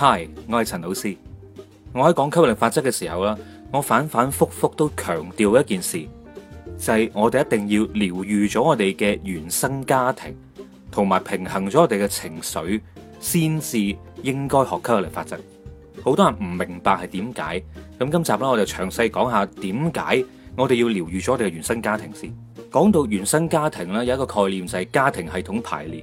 嗨，Hi, 我係陳老師。我喺講吸引力法則嘅時候啦，我反反复复都強調一件事，就係我哋一定要療癒咗我哋嘅原生家庭，同埋平衡咗我哋嘅情緒，先至應該學吸引力法則。好多人唔明白係點解，咁今集啦，我就詳細講下點解我哋要療癒咗我哋嘅原生家庭先。講到原生家庭咧，有一個概念就係家庭系統排列。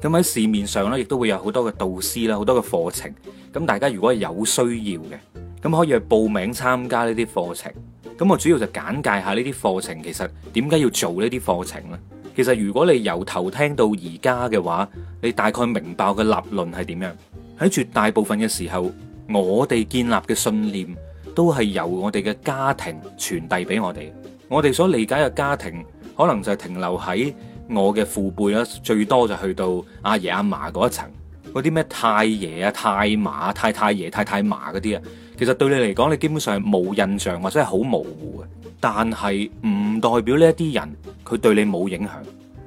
咁喺市面上咧，亦都會有好多嘅導師啦，好多嘅課程。咁大家如果係有需要嘅，咁可以去報名參加呢啲課程。咁我主要就簡介下呢啲課程，其實點解要做呢啲課程呢？其實如果你由頭聽到而家嘅話，你大概明白嘅立論係點樣？喺絕大部分嘅時候，我哋建立嘅信念都係由我哋嘅家庭傳遞俾我哋。我哋所理解嘅家庭，可能就係停留喺我嘅父輩啦，最多就去到阿爺阿嫲嗰一層，嗰啲咩太爺啊、太嫲、太太爺、太太嫲嗰啲啊，其實對你嚟講，你基本上係冇印象或者係好模糊嘅。但係唔代表呢一啲人，佢對你冇影響。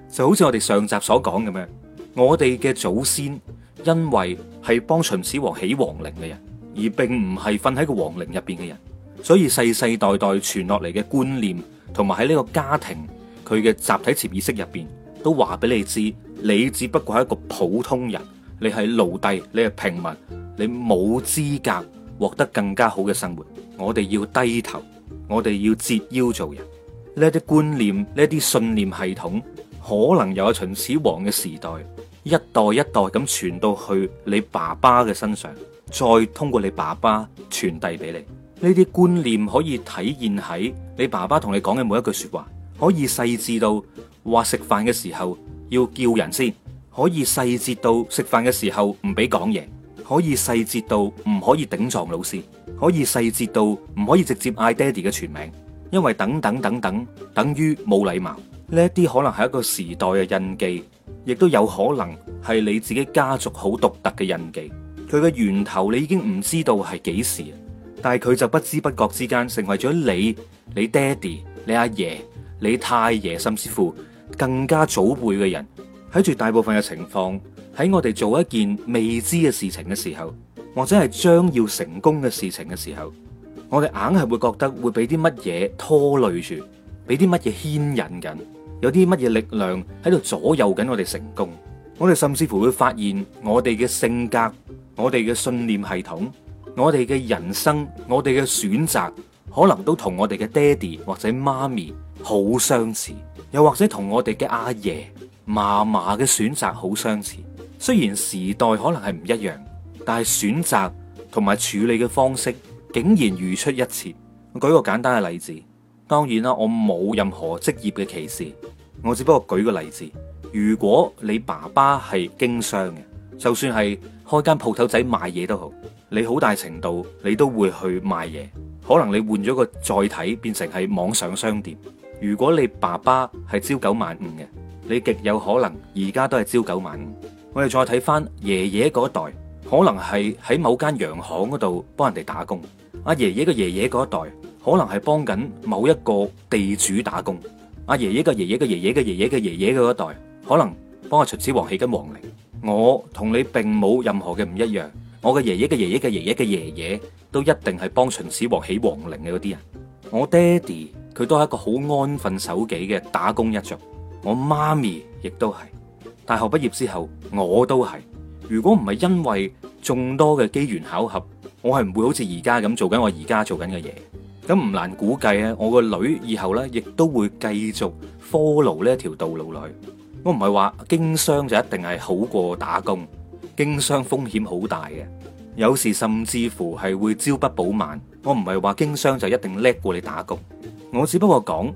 就好似我哋上集所講咁樣，我哋嘅祖先因為係幫秦始皇起皇陵嘅人，而並唔係瞓喺個皇陵入邊嘅人，所以世世代代傳落嚟嘅觀念，同埋喺呢個家庭，佢嘅集體潛意識入邊都話俾你知，你只不過係一個普通人，你係奴隸，你係平民，你冇資格獲得更加好嘅生活。我哋要低頭，我哋要折腰做人。呢啲觀念，呢啲信念系統，可能由秦始皇嘅時代一代一代咁傳到去你爸爸嘅身上，再通過你爸爸傳遞俾你。呢啲觀念可以體現喺你爸爸同你講嘅每一句說話。可以細致到話食飯嘅時候要叫人先，可以細節到食飯嘅時候唔俾講嘢，可以細節到唔可以頂撞老師，可以細節到唔可以直接嗌爹哋嘅全名，因為等等等等等於冇禮貌。呢一啲可能係一個時代嘅印記，亦都有可能係你自己家族好獨特嘅印記。佢嘅源頭你已經唔知道係幾時，但係佢就不知不覺之間成為咗你、你爹哋、你阿爺。你太爺，甚至乎更加祖輩嘅人，睇住大部分嘅情況，喺我哋做一件未知嘅事情嘅時候，或者係將要成功嘅事情嘅時候，我哋硬係會覺得會俾啲乜嘢拖累住，俾啲乜嘢牽引緊，有啲乜嘢力量喺度左右緊我哋成功。我哋甚至乎會發現，我哋嘅性格、我哋嘅信念系統、我哋嘅人生、我哋嘅選擇。可能都同我哋嘅爹哋或者媽咪好相似，又或者同我哋嘅阿爺嫲嫲嘅選擇好相似。雖然時代可能係唔一樣，但係選擇同埋處理嘅方式竟然如出一轍。舉個簡單嘅例子，當然啦，我冇任何職業嘅歧視，我只不過舉個例子。如果你爸爸係經商嘅，就算係開間鋪頭仔賣嘢都好。你好大程度，你都會去賣嘢。可能你換咗個載體，變成係網上商店。如果你爸爸係朝九晚五嘅，你極有可能而家都係朝九晚五。我哋再睇翻爺爺嗰代，可能係喺某間洋行嗰度幫人哋打工。阿爺爺嘅爺爺嗰一代，可能係幫緊某一個地主打工。阿爺爺嘅爺爺嘅爺爺嘅爺爺嘅爺爺嗰一代，可能幫阿秦始皇起緊皇陵。我同你並冇任何嘅唔一樣。我嘅爺爺嘅爺爺嘅爺爺嘅爺爺都一定係幫秦始皇起皇陵嘅嗰啲人。我爹哋佢都係一個好安分守己嘅打工一族。我媽咪亦都係。大學畢業之後，我都係。如果唔係因為眾多嘅機緣巧合，我係唔會好似而家咁做緊我而家做緊嘅嘢。咁唔難估計啊，我個女以後呢亦都會繼續 follow 呢一條道路落去。我唔係話經商就一定係好過打工。經商風險好大嘅，有時甚至乎係會朝不保晚。我唔係話經商就一定叻過你打工，我只不過講，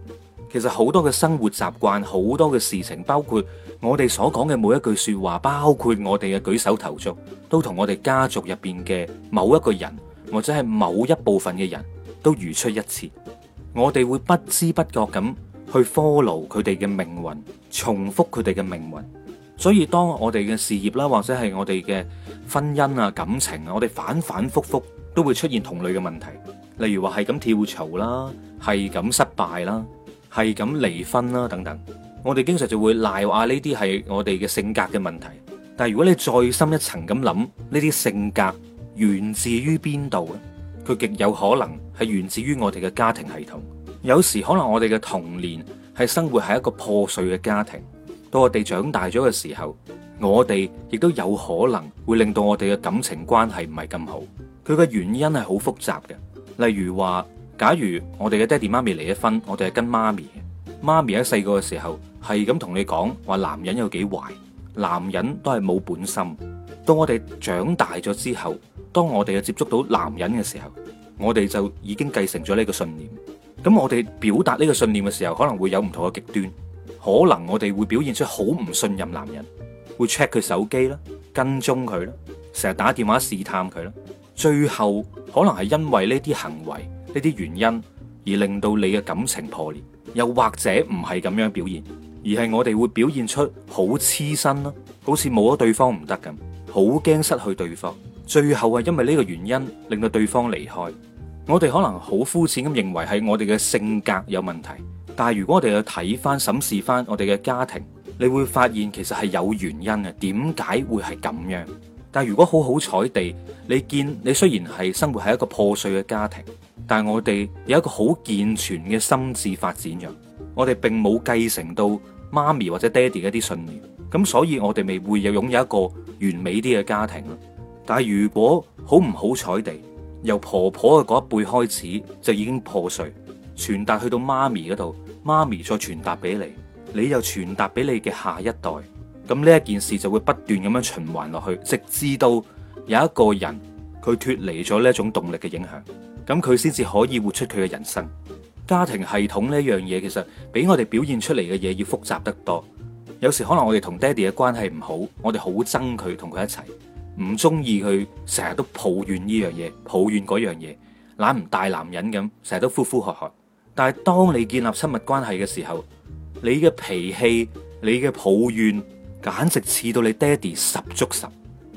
其實好多嘅生活習慣，好多嘅事情，包括我哋所講嘅每一句說話，包括我哋嘅舉手投足，都同我哋家族入邊嘅某一個人或者係某一部分嘅人都如出一轍。我哋會不知不覺咁去 follow 佢哋嘅命運，重複佢哋嘅命運。所以，當我哋嘅事業啦，或者係我哋嘅婚姻啊、感情啊，我哋反反覆覆都會出現同類嘅問題，例如話係咁跳槽啦，係咁失敗啦，係咁離婚啦等等，我哋經常就會賴話呢啲係我哋嘅性格嘅問題。但係如果你再深一層咁諗，呢啲性格源自於邊度咧？佢極有可能係源自於我哋嘅家庭系統。有時可能我哋嘅童年係生活喺一個破碎嘅家庭。到我哋長大咗嘅時候，我哋亦都有可能會令到我哋嘅感情關係唔係咁好。佢嘅原因係好複雜嘅，例如話，假如我哋嘅爹哋媽咪離咗婚，我哋係跟媽咪。媽咪喺細個嘅時候係咁同你講話，男人有幾壞，男人都係冇本心。到我哋長大咗之後，當我哋又接觸到男人嘅時候，我哋就已經繼承咗呢個信念。咁我哋表達呢個信念嘅時候，可能會有唔同嘅極端。可能我哋會表現出好唔信任男人，會 check 佢手機啦，跟蹤佢啦，成日打電話試探佢啦，最後可能係因為呢啲行為、呢啲原因而令到你嘅感情破裂，又或者唔係咁樣表現，而係我哋會表現出好黐身啦，好似冇咗對方唔得咁，好驚失去對方，最後係因為呢個原因令到對方離開，我哋可能好膚淺咁認為係我哋嘅性格有問題。但係如果我哋去睇翻，審視翻我哋嘅家庭，你會發現其實係有原因嘅，點解會係咁樣？但係如果好好彩地，你見你雖然係生活喺一個破碎嘅家庭，但係我哋有一個好健全嘅心智發展嘅，我哋並冇繼承到媽咪或者爹哋一啲信念，咁所以我哋未會有擁有一個完美啲嘅家庭咯。但係如果好唔好彩地，由婆婆嘅嗰一輩開始就已經破碎，傳達去到媽咪嗰度。媽咪再傳達俾你，你又傳達俾你嘅下一代，咁呢一件事就會不斷咁樣循環落去，直至到有一個人佢脫離咗呢一種動力嘅影響，咁佢先至可以活出佢嘅人生。家庭系統呢樣嘢其實比我哋表現出嚟嘅嘢要複雜得多。有時可能我哋同爹哋嘅關係唔好，我哋好憎佢，同佢一齊唔中意佢，成日都抱怨呢樣嘢，抱怨嗰樣嘢，懶唔大男人咁，成日都呼呼喝喝。但係當你建立親密關係嘅時候，你嘅脾氣、你嘅抱怨，簡直似到你爹哋十足十。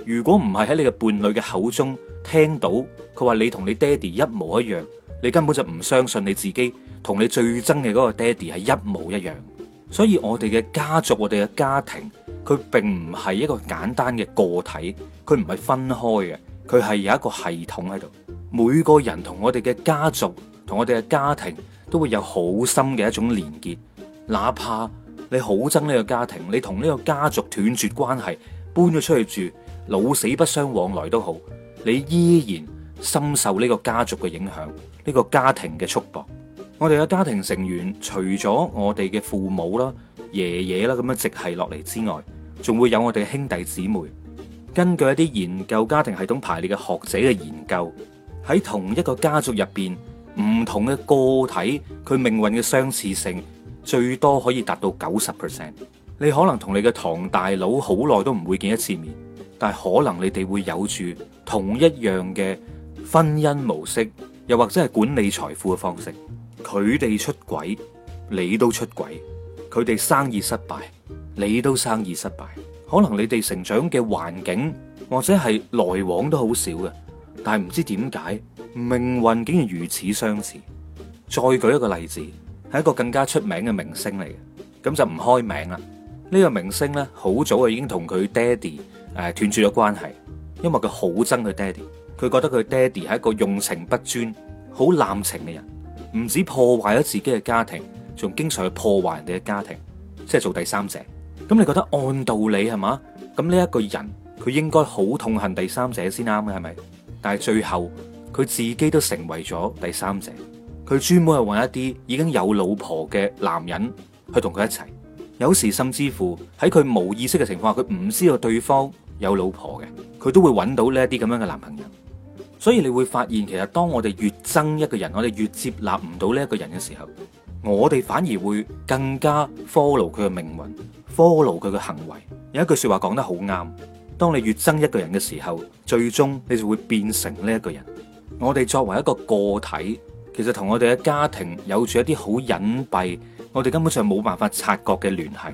如果唔係喺你嘅伴侶嘅口中聽到佢話你同你爹哋一模一樣，你根本就唔相信你自己同你最憎嘅嗰個爹哋係一模一樣。所以我哋嘅家族、我哋嘅家庭，佢並唔係一個簡單嘅個體，佢唔係分開嘅，佢係有一個系統喺度。每個人同我哋嘅家族、同我哋嘅家庭，都會有好深嘅一種連結，哪怕你好憎呢個家庭，你同呢個家族斷絕關係，搬咗出去住，老死不相往來都好，你依然深受呢個家族嘅影響，呢個家庭嘅束縛。我哋嘅家庭成員除咗我哋嘅父母啦、爺爺啦咁樣直系落嚟之外，仲會有我哋嘅兄弟姊妹。根據一啲研究家庭系統排列嘅學者嘅研究，喺同一個家族入邊。唔同嘅個體，佢命運嘅相似性最多可以達到九十 percent。你可能同你嘅堂大佬好耐都唔會見一次面，但係可能你哋會有住同一樣嘅婚姻模式，又或者係管理財富嘅方式。佢哋出軌，你都出軌；佢哋生意失敗，你都生意失敗。可能你哋成長嘅環境或者係來往都好少嘅，但係唔知點解。命運竟然如此相似。再舉一個例子，係一個更加出名嘅明星嚟嘅，咁就唔開名啦。呢個明星呢，好早就已經同佢爹哋誒斷絕咗關係，因為佢好憎佢爹哋，佢覺得佢爹哋係一個用情不專、好濫情嘅人，唔止破壞咗自己嘅家庭，仲經常去破壞人哋嘅家庭，即係做第三者。咁你覺得按道理係嘛？咁呢一個人佢應該好痛恨第三者先啱嘅係咪？但係最後。佢自己都成為咗第三者，佢專門係揾一啲已經有老婆嘅男人去同佢一齊。有時甚至乎喺佢冇意識嘅情況下，佢唔知道對方有老婆嘅，佢都會揾到呢一啲咁樣嘅男朋友。所以你會發現，其實當我哋越憎一個人，我哋越接納唔到呢一個人嘅時候，我哋反而會更加 fo follow 佢嘅命運，follow 佢嘅行為。有一句說話講得好啱：當你越憎一個人嘅時候，最終你就會變成呢一個人。我哋作為一個個體，其實同我哋嘅家庭有住一啲好隱蔽，我哋根本上冇辦法察覺嘅聯繫。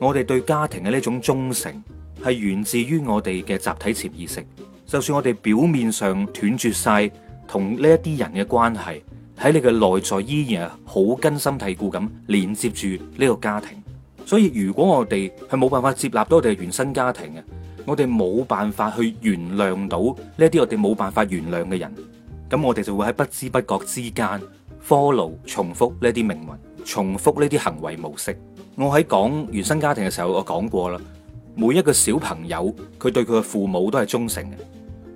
我哋對家庭嘅呢種忠誠，係源自於我哋嘅集體潛意識。就算我哋表面上斷絕晒同呢一啲人嘅關係，喺你嘅內在依然係好根深蒂固咁連接住呢個家庭。所以如果我哋係冇辦法接納到我哋嘅原生家庭啊，我哋冇辦法去原諒到呢啲我哋冇辦法原諒嘅人。咁我哋就會喺不知不覺之間 follow 重複呢啲命運，重複呢啲行為模式。我喺講原生家庭嘅時候，我講過啦。每一個小朋友佢對佢嘅父母都係忠誠嘅，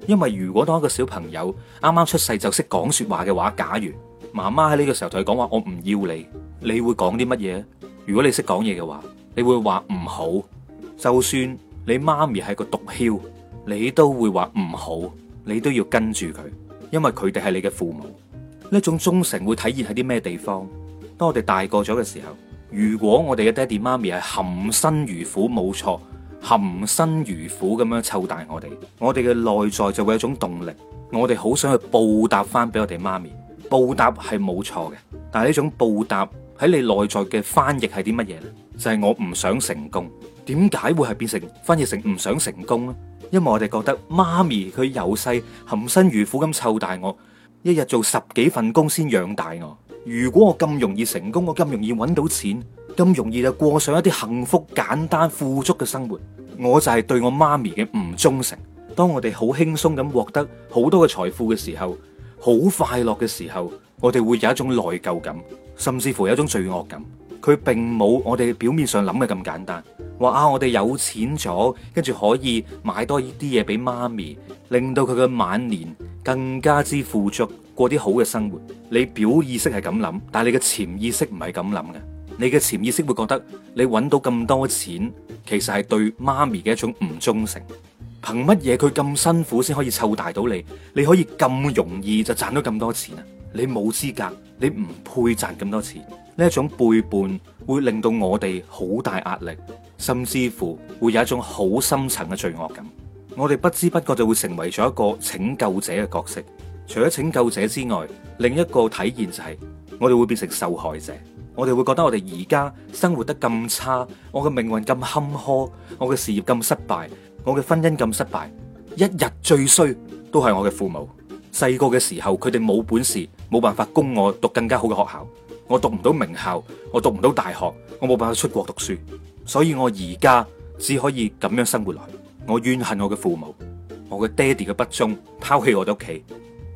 因為如果當一個小朋友啱啱出世就識講說話嘅話，假如媽媽喺呢個時候同佢講話，我唔要你，你會講啲乜嘢？如果你識講嘢嘅話，你會話唔好，就算你媽咪係個毒梟，你都會話唔好，你都要跟住佢。因為佢哋係你嘅父母，呢一種忠誠會體現喺啲咩地方？當我哋大個咗嘅時候，如果我哋嘅爹地媽咪係含辛茹苦，冇錯，含辛茹苦咁樣湊大我哋，我哋嘅內在就會有種動力，我哋好想去報答翻俾我哋媽咪。報答係冇錯嘅，但係呢種報答喺你內在嘅翻譯係啲乜嘢咧？就係我唔想成功。點解會係變成翻譯成唔想成功呢？因為我哋覺得媽咪佢由細含辛茹苦咁湊大我，一日做十幾份工先養大我。如果我咁容易成功，我咁容易揾到錢，咁容易就過上一啲幸福、簡單、富足嘅生活，我就係對我媽咪嘅唔忠誠。當我哋好輕鬆咁獲得好多嘅財富嘅時候，好快樂嘅時候，我哋會有一種內疚感，甚至乎有一種罪惡感。佢並冇我哋表面上諗嘅咁簡單，話啊我哋有錢咗，跟住可以買多啲嘢俾媽咪，令到佢嘅晚年更加之富足，過啲好嘅生活。你表意識係咁諗，但係你嘅潛意識唔係咁諗嘅。你嘅潛意識會覺得你揾到咁多錢，其實係對媽咪嘅一種唔忠誠。憑乜嘢佢咁辛苦先可以湊大到你？你可以咁容易就賺到咁多錢啊？你冇資格，你唔配賺咁多錢。呢一種背叛會令到我哋好大壓力，甚至乎會有一種好深層嘅罪惡感。我哋不知不覺就會成為咗一個拯救者嘅角色。除咗拯救者之外，另一個體現就係我哋會變成受害者。我哋會覺得我哋而家生活得咁差，我嘅命運咁坎坷，我嘅事業咁失敗，我嘅婚姻咁失敗，一日最衰都係我嘅父母。細個嘅時候，佢哋冇本事。冇辦法供我讀更加好嘅學校，我讀唔到名校，我讀唔到大學，我冇辦法出國讀書，所以我而家只可以咁樣生活落去。我怨恨我嘅父母，我嘅爹哋嘅不忠，拋棄我哋屋企，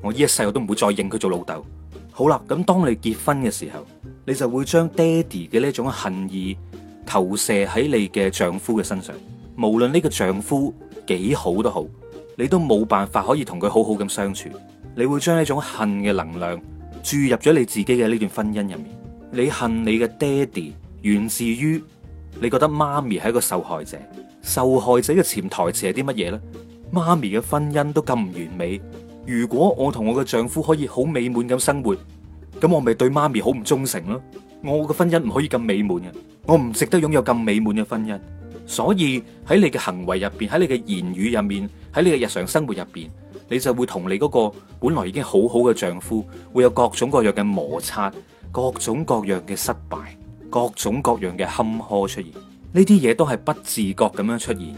我一世我都唔會再認佢做老豆。好啦，咁當你結婚嘅時候，你就會將爹哋嘅呢種恨意投射喺你嘅丈夫嘅身上，無論呢個丈夫幾好都好，你都冇辦法可以同佢好好咁相處。你會將呢種恨嘅能量注入咗你自己嘅呢段婚姻入面。你恨你嘅爹哋，源自於你覺得媽咪係一個受害者。受害者嘅潛台詞係啲乜嘢呢？媽咪嘅婚姻都咁唔完美，如果我同我嘅丈夫可以好美滿咁生活，咁我咪對媽咪好唔忠誠咯？我嘅婚姻唔可以咁美滿呀，我唔值得擁有咁美滿嘅婚姻。所以喺你嘅行為入邊，喺你嘅言語入面，喺你嘅日常生活入邊。你就會同你嗰個本來已經好好嘅丈夫會有各種各樣嘅摩擦，各種各樣嘅失敗，各種各樣嘅坎坷出現。呢啲嘢都係不自覺咁樣出現，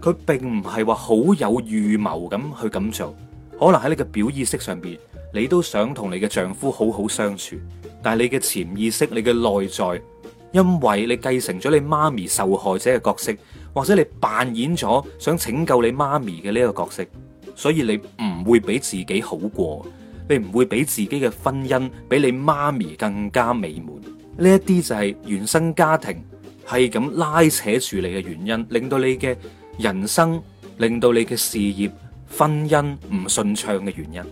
佢並唔係話好有預謀咁去咁做。可能喺你嘅表意識上邊，你都想同你嘅丈夫好好相處，但係你嘅潛意識、你嘅內在，因為你繼承咗你媽咪受害者嘅角色，或者你扮演咗想拯救你媽咪嘅呢個角色。所以你唔會俾自己好過，你唔會俾自己嘅婚姻比你媽咪更加美滿。呢一啲就係原生家庭係咁拉扯住你嘅原因，令到你嘅人生，令到你嘅事業、婚姻唔順暢嘅原因。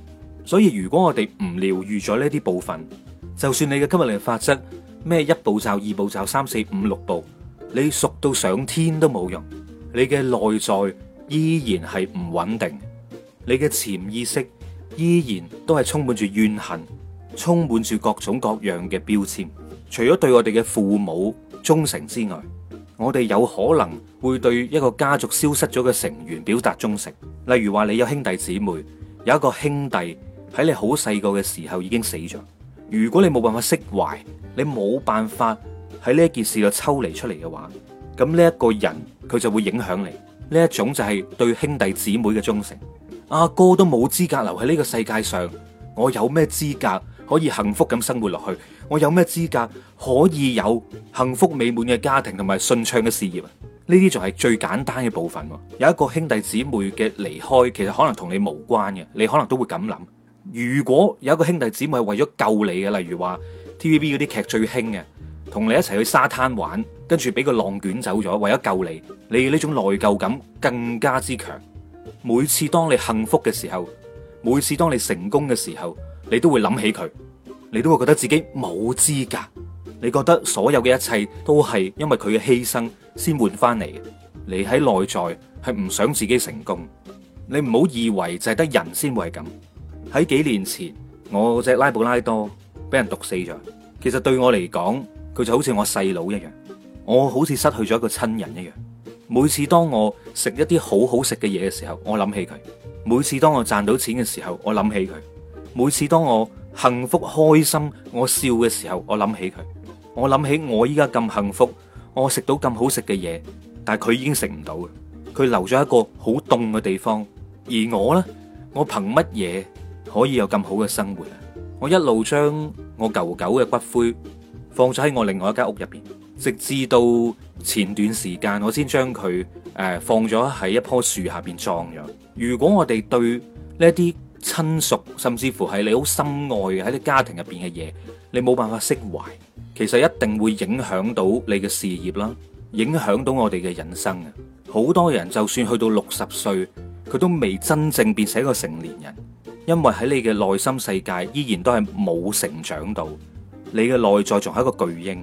所以如果我哋唔療癒咗呢啲部分，就算你嘅今日嘅法則，咩一步驟、二步驟、三四五六步，你熟到上天都冇用，你嘅內在依然係唔穩定。你嘅潛意識依然都係充滿住怨恨，充滿住各種各樣嘅標籤。除咗對我哋嘅父母忠誠之外，我哋有可能會對一個家族消失咗嘅成員表達忠誠。例如話你有兄弟姊妹，有一個兄弟喺你好細個嘅時候已經死咗。如果你冇辦法釋懷，你冇辦法喺呢件事度抽離出嚟嘅話，咁呢一個人佢就會影響你。呢一種就係對兄弟姊妹嘅忠誠。阿、啊、哥都冇資格留喺呢個世界上，我有咩資格可以幸福咁生活落去？我有咩資格可以有幸福美滿嘅家庭同埋順暢嘅事業啊？呢啲就係最簡單嘅部分。有一個兄弟姊妹嘅離開，其實可能同你無關嘅，你可能都會咁諗。如果有一個兄弟姊妹係為咗救你嘅，例如話 TVB 嗰啲劇最興嘅，同你一齊去沙灘玩，跟住俾個浪捲走咗，為咗救你，你呢種內疚感更加之強。每次當你幸福嘅時候，每次當你成功嘅時候，你都會諗起佢，你都會覺得自己冇資格。你覺得所有嘅一切都係因為佢嘅犧牲先換翻嚟。你喺內在係唔想自己成功。你唔好以為就係得人先會係咁。喺幾年前，我隻拉布拉多俾人毒死咗，其實對我嚟講，佢就好似我細佬一樣，我好似失去咗一個親人一樣。每次當我食一啲好好食嘅嘢嘅時候，我諗起佢；每次當我賺到錢嘅時候，我諗起佢；每次當我幸福開心、我笑嘅時候，我諗起佢。我諗起我依家咁幸福，我食到咁好食嘅嘢，但係佢已經食唔到。佢留咗一個好凍嘅地方，而我呢？我憑乜嘢可以有咁好嘅生活啊？我一路將我舊狗嘅骨灰放咗喺我另外一間屋入邊。直至到前段時間，我先將佢誒放咗喺一棵樹下邊葬咗。如果我哋對呢啲親屬，甚至乎係你好深愛嘅喺啲家庭入邊嘅嘢，你冇辦法釋懷，其實一定會影響到你嘅事業啦，影響到我哋嘅人生嘅。好多人就算去到六十歲，佢都未真正變成一個成年人，因為喺你嘅內心世界依然都係冇成長到，你嘅內在仲係一個巨嬰。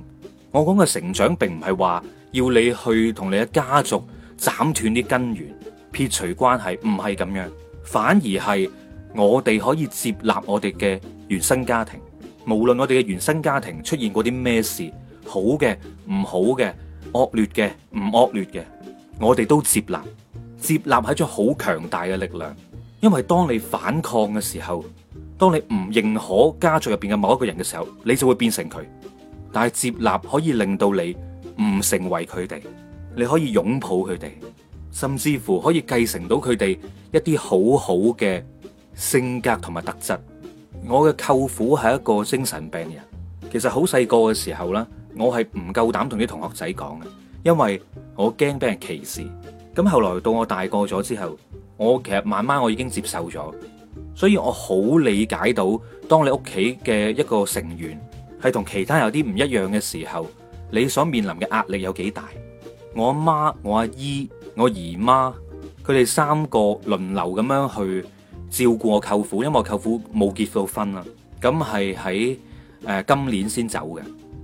我講嘅成長並唔係話要你去同你嘅家族斬斷啲根源，撇除關係。唔係咁樣，反而係我哋可以接納我哋嘅原生家庭，無論我哋嘅原生家庭出現過啲咩事，好嘅、唔好嘅、惡劣嘅、唔惡劣嘅，我哋都接納，接納係一種好強大嘅力量。因為當你反抗嘅時候，當你唔認可家族入邊嘅某一個人嘅時候，你就會變成佢。但係接納可以令到你唔成為佢哋，你可以擁抱佢哋，甚至乎可以繼承到佢哋一啲好好嘅性格同埋特質。我嘅舅父係一個精神病人，其實好細個嘅時候咧，我係唔夠膽同啲同學仔講嘅，因為我驚俾人歧視。咁後來到我大個咗之後，我其實慢慢我已經接受咗，所以我好理解到當你屋企嘅一個成員，係同其他有啲唔一樣嘅時候，你所面臨嘅壓力有幾大？我媽、我阿姨、我姨媽，佢哋三個輪流咁樣去照顧我舅父，因為我舅父冇結到婚啦，咁係喺誒今年先走嘅，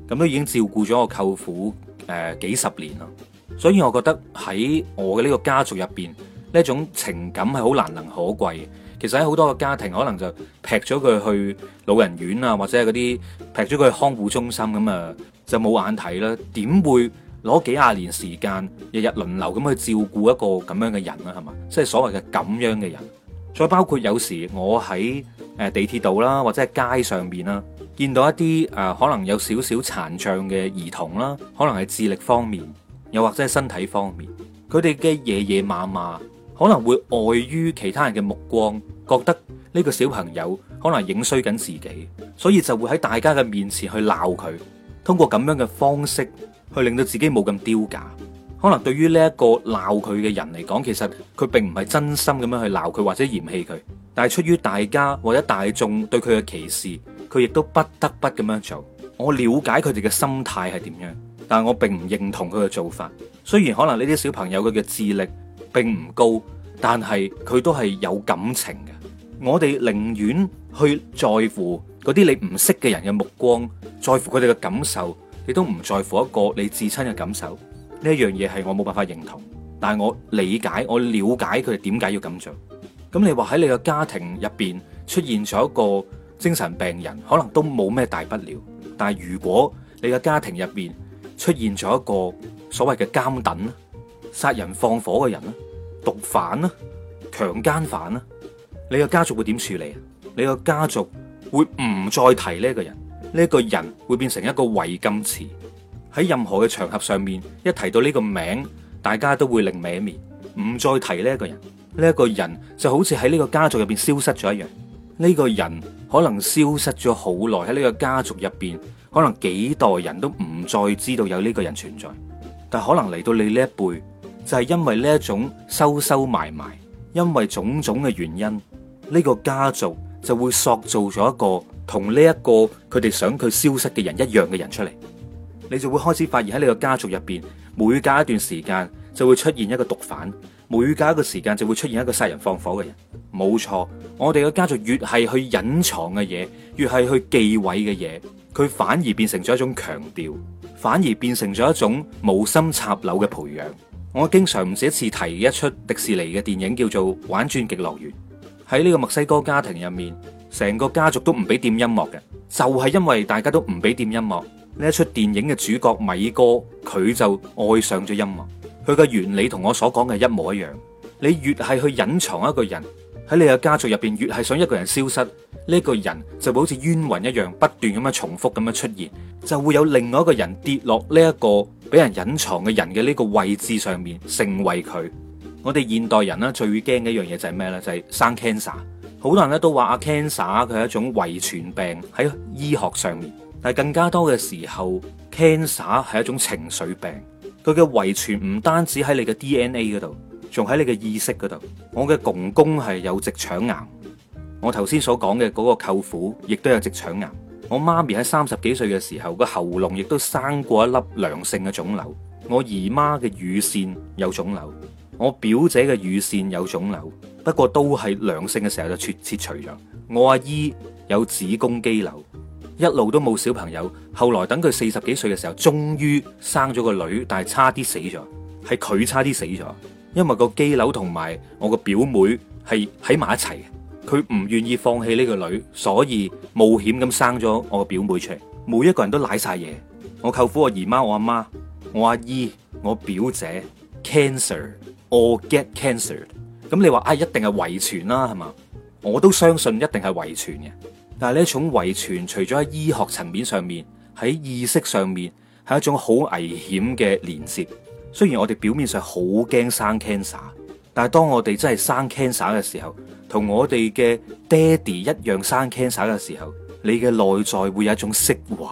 咁都已經照顧咗我舅父誒幾十年啦，所以我覺得喺我嘅呢個家族入邊，呢一種情感係好難能可貴。其實喺好多個家庭，可能就劈咗佢去老人院啊，或者係嗰啲劈咗佢去康護中心咁啊，就冇眼睇啦。點會攞幾廿年時間，日日輪流咁去照顧一個咁樣嘅人啊？係嘛，即係所謂嘅咁樣嘅人。再包括有時我喺誒地鐵度啦，或者係街上邊啦，見到一啲誒、呃、可能有少少殘障嘅兒童啦，可能係智力方面，又或者係身體方面，佢哋嘅爺爺嫲嫲。可能會礙於其他人嘅目光，覺得呢個小朋友可能影衰緊自己，所以就會喺大家嘅面前去鬧佢。通過咁樣嘅方式去令到自己冇咁丟架。可能對於呢一個鬧佢嘅人嚟講，其實佢並唔係真心咁樣去鬧佢或者嫌棄佢，但係出於大家或者大眾對佢嘅歧視，佢亦都不得不咁樣做。我了解佢哋嘅心態係點樣，但我並唔認同佢嘅做法。雖然可能呢啲小朋友佢嘅智力，並唔高，但係佢都係有感情嘅。我哋寧願去在乎嗰啲你唔識嘅人嘅目光，在乎佢哋嘅感受，你都唔在乎一個你至親嘅感受。呢一樣嘢係我冇辦法認同，但係我理解，我了解佢哋點解要咁做。咁你話喺你嘅家庭入邊出現咗一個精神病人，可能都冇咩大不了。但係如果你嘅家庭入邊出現咗一個所謂嘅監躉。殺人放火嘅人啦，毒犯啦，強姦犯啦，你個家族會點處理？你個家族會唔再提呢一個人？呢一個人會變成一個違禁詞，喺任何嘅場合上面一提到呢個名，大家都會另歪面，唔再提呢一個人。呢一個人就好似喺呢個家族入邊消失咗一樣。呢個人可能消失咗好耐喺呢個家族入邊，可能幾代人都唔再知道有呢個人存在，但可能嚟到你呢一輩。就係因為呢一種收收埋埋，因為種種嘅原因，呢個家族就會塑造咗一個同呢一個佢哋想佢消失嘅人一樣嘅人出嚟。你就會開始發現喺你個家族入邊，每隔一段時間就會出現一個毒販，每隔一個時間就會出現一個殺人放火嘅人。冇錯，我哋嘅家族越係去隱藏嘅嘢，越係去忌諱嘅嘢，佢反而變成咗一種強調，反而變成咗一種無心插柳嘅培養。我經常唔止一次提一出迪士尼嘅電影叫做《玩轉極樂園》。喺呢個墨西哥家庭入面，成個家族都唔俾掂音樂嘅，就係因為大家都唔俾掂音樂。呢一出電影嘅主角米哥，佢就愛上咗音樂。佢嘅原理同我所講嘅一模一樣。你越係去隱藏一個人。喺你嘅家族入邊，越係想一個人消失，呢、這個人就會好似冤魂一樣，不斷咁樣重複咁樣出現，就會有另外一個人跌落呢一個俾人隱藏嘅人嘅呢個位置上面，成為佢。我哋現代人咧最驚嘅一樣嘢就係咩咧？就係、是、生 cancer。好多人咧都話阿 cancer 佢係一種遺傳病，喺醫學上面，但係更加多嘅時候，cancer 係一種情緒病。佢嘅遺傳唔單止喺你嘅 DNA 度。仲喺你嘅意識嗰度。我嘅公公係有直腸癌，我頭先所講嘅嗰個舅父亦都有直腸癌。我媽咪喺三十幾歲嘅時候，個喉嚨亦都生過一粒良性嘅腫瘤。我姨媽嘅乳腺有腫瘤，我表姐嘅乳腺有腫瘤，不過都係良性嘅時候就切切除咗。我阿姨有子宮肌瘤，一路都冇小朋友。後來等佢四十幾歲嘅時候，終於生咗個女，但係差啲死咗，係佢差啲死咗。因為個肌瘤同埋我個表妹係喺埋一齊嘅，佢唔願意放棄呢個女，所以冒險咁生咗我個表妹出嚟。每一個人都瀨晒嘢，我舅父、我姨媽、我阿媽、我阿姨、我表姐 cancer or get cancer。咁你話啊，一定係遺傳啦，啊，係嘛？我都相信一定係遺傳嘅。但係呢一種遺傳，除咗喺醫學層面上面，喺意識上面係一種好危險嘅連接。雖然我哋表面上好驚生 cancer，但係當我哋真係生 cancer 嘅時候，同我哋嘅爹哋一樣生 cancer 嘅時候，你嘅內在會有一種釋懷，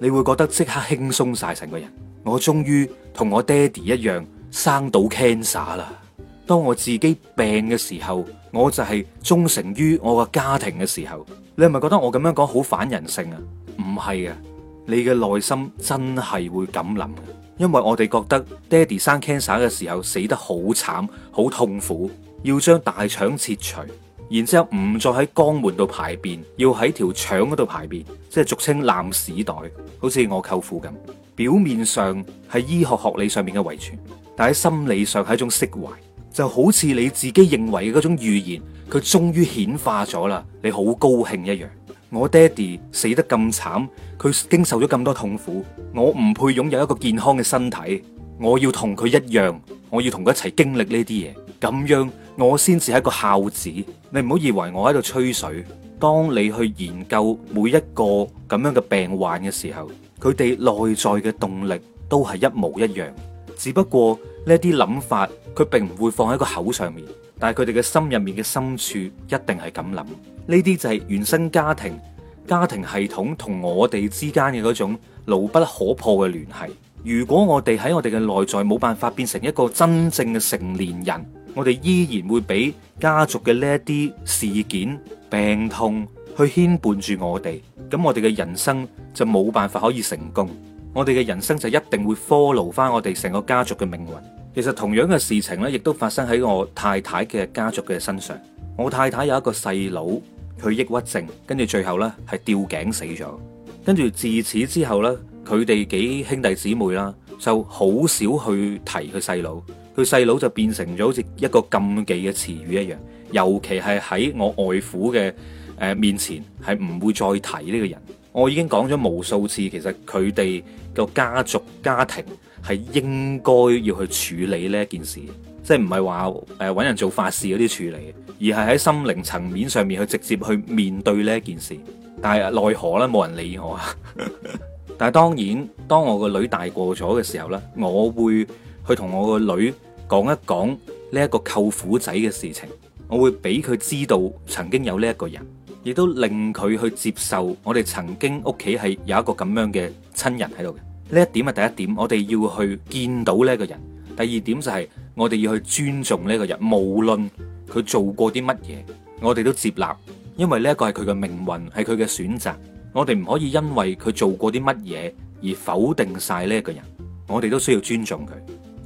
你會覺得即刻輕鬆晒成個人。我終於同我爹哋一樣生到 cancer 啦。當我自己病嘅時候，我就係忠誠於我個家庭嘅時候。你係咪覺得我咁樣講好反人性啊？唔係啊，你嘅內心真係會咁諗。因為我哋覺得爹地生 cancer 嘅時候死得好慘，好痛苦，要將大腸切除，然之後唔再喺肛門度排便，要喺條腸嗰度排便，即係俗稱濫屎袋，好似我舅父咁。表面上係醫學學理上面嘅遺傳，但喺心理上係一種釋懷，就好似你自己認為嘅嗰種預言，佢終於顯化咗啦，你好高興一樣。我爹哋死得咁慘，佢經受咗咁多痛苦，我唔配擁有一個健康嘅身體，我要同佢一樣，我要同佢一齊經歷呢啲嘢，咁樣我先至係一個孝子。你唔好以為我喺度吹水，當你去研究每一個咁樣嘅病患嘅時候，佢哋內在嘅動力都係一模一樣，只不過呢啲諗法，佢並唔會放喺個口上面。但係佢哋嘅心入面嘅深處一定係咁諗，呢啲就係原生家庭、家庭系統同我哋之間嘅嗰種牢不可破嘅聯繫。如果我哋喺我哋嘅內在冇辦法變成一個真正嘅成年人，我哋依然會俾家族嘅呢一啲事件、病痛去牽絆住我哋。咁我哋嘅人生就冇辦法可以成功，我哋嘅人生就一定會 follow 翻我哋成個家族嘅命運。其實同樣嘅事情咧，亦都發生喺我太太嘅家族嘅身上。我太太有一個細佬，佢抑鬱症，跟住最後呢，係吊頸死咗。跟住自此之後呢，佢哋幾兄弟姊妹啦，就好少去提佢細佬。佢細佬就變成咗好似一個禁忌嘅詞語一樣，尤其係喺我外父嘅誒、呃、面前，係唔會再提呢個人。我已經講咗無數次，其實佢哋個家族家庭。係應該要去處理呢一件事，即係唔係話揾人做法事嗰啲處理，而係喺心靈層面上面去直接去面對呢一件事。但係奈何呢？冇人理我。 但係當然，當我個女大過咗嘅時候呢，我會去同我個女講一講呢一個舅父仔嘅事情，我會俾佢知道曾經有呢一個人，亦都令佢去接受我哋曾經屋企係有一個咁樣嘅親人喺度。呢一點係，第一點，我哋要去見到呢一個人。第二點就係我哋要去尊重呢一個人，無論佢做過啲乜嘢，我哋都接納，因為呢一個係佢嘅命運，係佢嘅選擇。我哋唔可以因為佢做過啲乜嘢而否定晒呢一個人。我哋都需要尊重佢。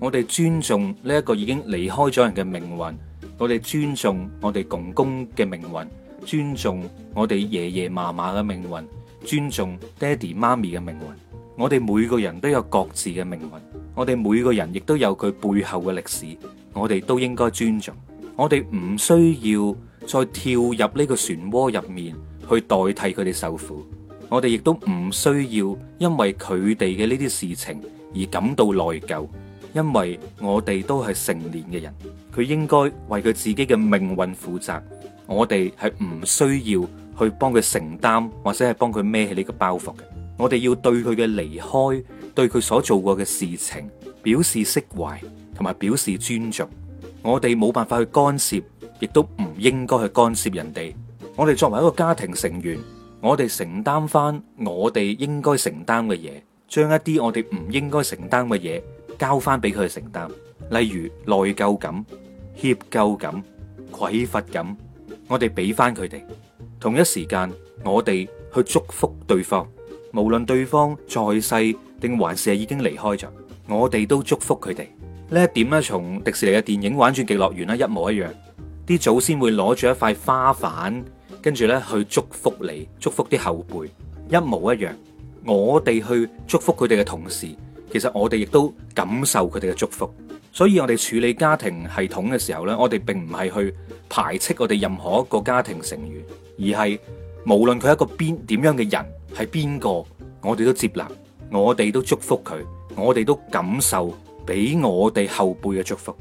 我哋尊重呢一個已經離開咗人嘅命運。我哋尊重我哋公公嘅命運，尊重我哋爺爺嫲嫲嘅命運，尊重爹哋媽咪嘅命運。我哋每個人都有各自嘅命運，我哋每個人亦都有佢背後嘅歷史，我哋都應該尊重。我哋唔需要再跳入呢個漩渦入面去代替佢哋受苦，我哋亦都唔需要因為佢哋嘅呢啲事情而感到內疚，因為我哋都係成年嘅人，佢應該為佢自己嘅命運負責，我哋係唔需要去幫佢承擔或者係幫佢孭起呢個包袱嘅。我哋要對佢嘅離開，對佢所做過嘅事情表示釋懷，同埋表示尊重。我哋冇辦法去干涉，亦都唔應該去干涉人哋。我哋作為一個家庭成員，我哋承擔翻我哋應該承擔嘅嘢，將一啲我哋唔應該承擔嘅嘢交翻俾佢去承擔。例如內疚感、歉疚感、愧憤感，我哋俾翻佢哋。同一時間，我哋去祝福對方。無論對方在世定還是已經離開咗，我哋都祝福佢哋。呢一點咧，從迪士尼嘅電影玩轉極樂園《玩轉極樂園》咧一模一樣，啲祖先會攞住一塊花瓣，跟住咧去祝福你，祝福啲後輩，一模一樣。我哋去祝福佢哋嘅同時，其實我哋亦都感受佢哋嘅祝福。所以我哋處理家庭系統嘅時候咧，我哋並唔係去排斥我哋任何一個家庭成員，而係無論佢係一個邊點樣嘅人。係邊個，我哋都接納，我哋都祝福佢，我哋都感受俾我哋後輩嘅祝福。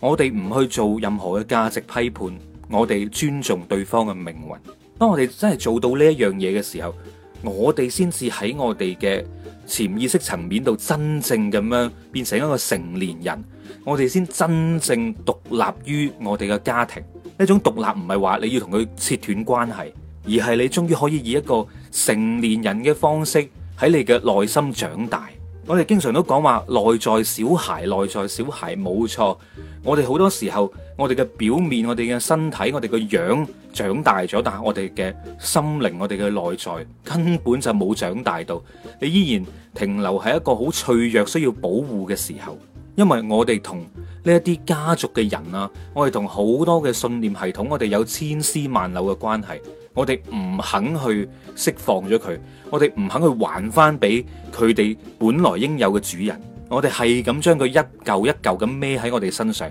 我哋唔去做任何嘅價值批判，我哋尊重對方嘅命運。當我哋真係做到呢一樣嘢嘅時候，我哋先至喺我哋嘅潛意識層面度真正咁樣變成一個成年人。我哋先真正獨立於我哋嘅家庭。呢種獨立，唔係話你要同佢切斷關係，而係你終於可以以一個。成年人嘅方式喺你嘅內心長大，我哋經常都講話內在小孩，內在小孩冇錯。我哋好多時候，我哋嘅表面，我哋嘅身體，我哋嘅樣長大咗，但係我哋嘅心靈，我哋嘅內在根本就冇長大到，你依然停留喺一個好脆弱、需要保護嘅時候。因為我哋同呢一啲家族嘅人啊，我哋同好多嘅信念系統我係，我哋有千絲萬縷嘅關係。我哋唔肯去釋放咗佢，我哋唔肯去還翻俾佢哋本來應有嘅主人。我哋係咁將佢一嚿一嚿咁孭喺我哋身上，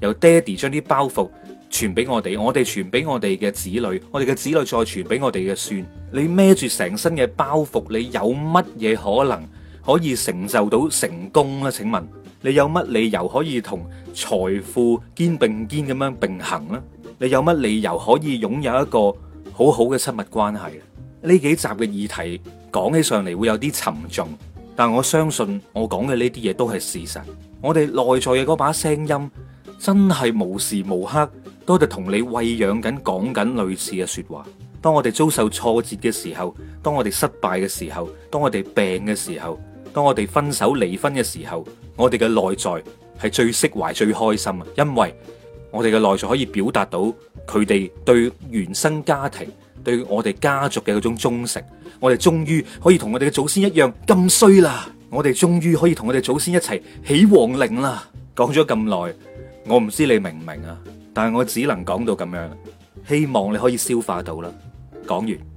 由爹哋將啲包袱傳俾我哋，我哋傳俾我哋嘅子女，我哋嘅子女再傳俾我哋嘅孫。你孭住成身嘅包袱，你有乜嘢可能可以成就到成功呢？請問？你有乜理由可以同財富肩並肩咁樣並行呢？你有乜理由可以擁有一個好好嘅親密關係呢？呢幾集嘅議題講起上嚟，會有啲沉重，但我相信我講嘅呢啲嘢都係事實。我哋內在嘅嗰把聲音真係無時無刻都係同你餵養緊、講緊類似嘅說話。當我哋遭受挫折嘅時候，當我哋失敗嘅時候，當我哋病嘅時候，當我哋分手、離婚嘅時候。我哋嘅內在係最釋懷、最開心啊！因為我哋嘅內在可以表達到佢哋對原生家庭、對我哋家族嘅嗰種忠誠。我哋終於可以同我哋嘅祖先一樣咁衰啦！我哋終於可以同我哋祖先一齊起，起皇陵啦！講咗咁耐，我唔知你明唔明啊？但係我只能講到咁樣，希望你可以消化到啦。講完。